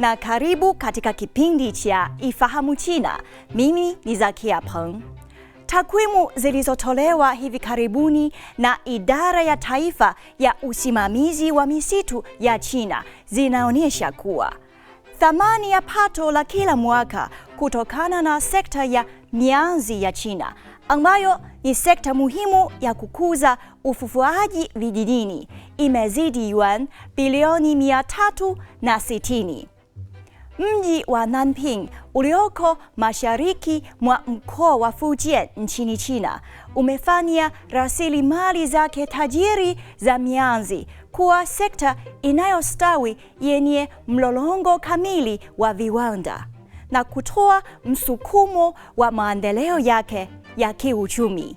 na karibu katika kipindi cha Ifahamu China. Mimi ni Zakia Peng. Takwimu zilizotolewa hivi karibuni na idara ya taifa ya usimamizi wa misitu ya China zinaonyesha kuwa thamani ya pato la kila mwaka kutokana na sekta ya mianzi ya China ambayo ni sekta muhimu ya kukuza ufufuaji vijijini imezidi yuan bilioni 360 mji wa Nanping ulioko mashariki mwa mkoa wa Fujian nchini China umefanya rasilimali zake tajiri za mianzi kuwa sekta inayostawi yenye mlolongo kamili wa viwanda na kutoa msukumo wa maendeleo yake ya kiuchumi.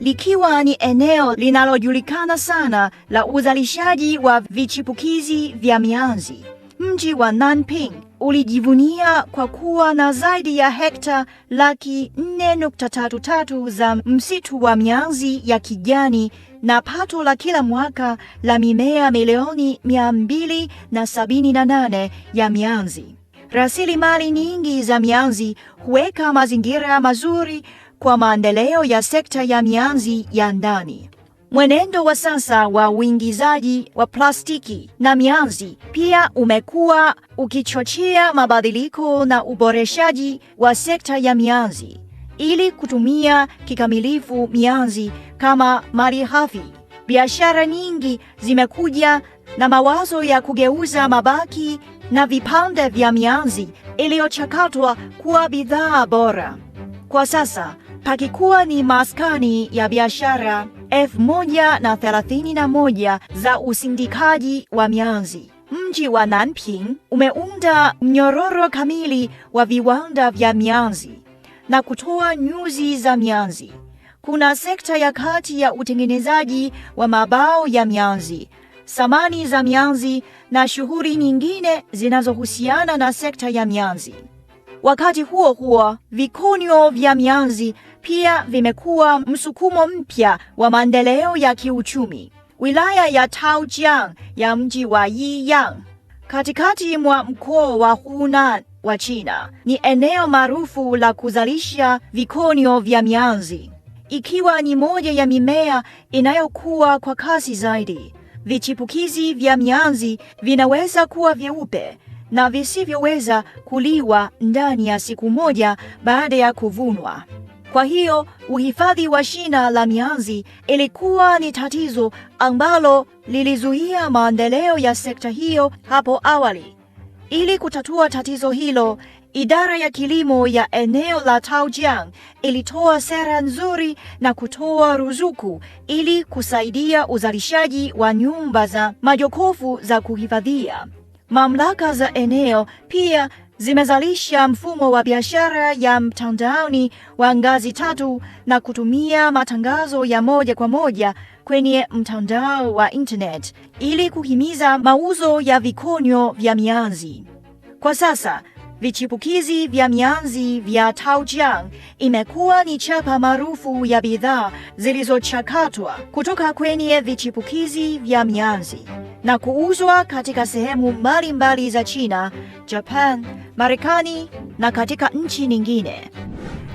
Likiwa ni eneo linalojulikana sana la uzalishaji wa vichipukizi vya mianzi, mji wa Nanping ulijivunia kwa kuwa na zaidi ya hekta laki 4.33 za msitu wa mianzi ya kijani na pato la kila mwaka la mimea milioni 278 ya mianzi. Rasilimali nyingi za mianzi huweka mazingira mazuri kwa maendeleo ya sekta ya mianzi ya ndani. Mwenendo wa sasa wa uingizaji wa plastiki na mianzi pia umekuwa ukichochea mabadiliko na uboreshaji wa sekta ya mianzi ili kutumia kikamilifu mianzi kama malighafi. Biashara nyingi zimekuja na mawazo ya kugeuza mabaki na vipande vya mianzi iliyochakatwa kuwa bidhaa bora. Kwa sasa pakikuwa ni maskani ya biashara moja za usindikaji wa mianzi. Mji wa Nanping umeunda mnyororo kamili wa viwanda vya mianzi na kutoa nyuzi za mianzi. Kuna sekta ya kati ya utengenezaji wa mabao ya mianzi, samani za mianzi na shughuli nyingine zinazohusiana na sekta ya mianzi. Wakati huo huo, vikonyo vya mianzi pia vimekuwa msukumo mpya wa maendeleo ya kiuchumi. Wilaya ya Taojiang ya mji wa Yiyang katikati mwa mkoa wa Hunan wa China ni eneo maarufu la kuzalisha vikonyo vya mianzi, ikiwa ni moja ya mimea inayokuwa kwa kasi zaidi. Vichipukizi vya mianzi vinaweza kuwa vyeupe na visivyoweza kuliwa ndani ya siku moja baada ya kuvunwa. Kwa hiyo uhifadhi wa shina la mianzi ilikuwa ni tatizo ambalo lilizuia maendeleo ya sekta hiyo hapo awali. Ili kutatua tatizo hilo, idara ya kilimo ya eneo la Taujiang ilitoa sera nzuri na kutoa ruzuku ili kusaidia uzalishaji wa nyumba za majokofu za kuhifadhia. Mamlaka za eneo pia zimezalisha mfumo wa biashara ya mtandaoni wa ngazi tatu na kutumia matangazo ya moja kwa moja kwenye mtandao wa internet ili kuhimiza mauzo ya vikonyo vya mianzi. Kwa sasa vichipukizi vya mianzi vya Taojiang imekuwa ni chapa maarufu ya bidhaa zilizochakatwa kutoka kwenye vichipukizi vya mianzi na kuuzwa katika sehemu mbalimbali za China, Japan, Marekani na katika nchi nyingine.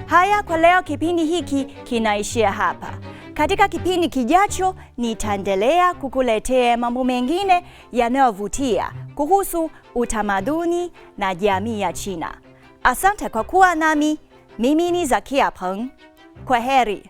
Haya kwa leo, kipindi hiki kinaishia hapa. Katika kipindi kijacho nitaendelea kukuletea mambo mengine yanayovutia kuhusu utamaduni na jamii ya China. Asante kwa kuwa nami. Mimi ni Zakia Peng. Kwa heri.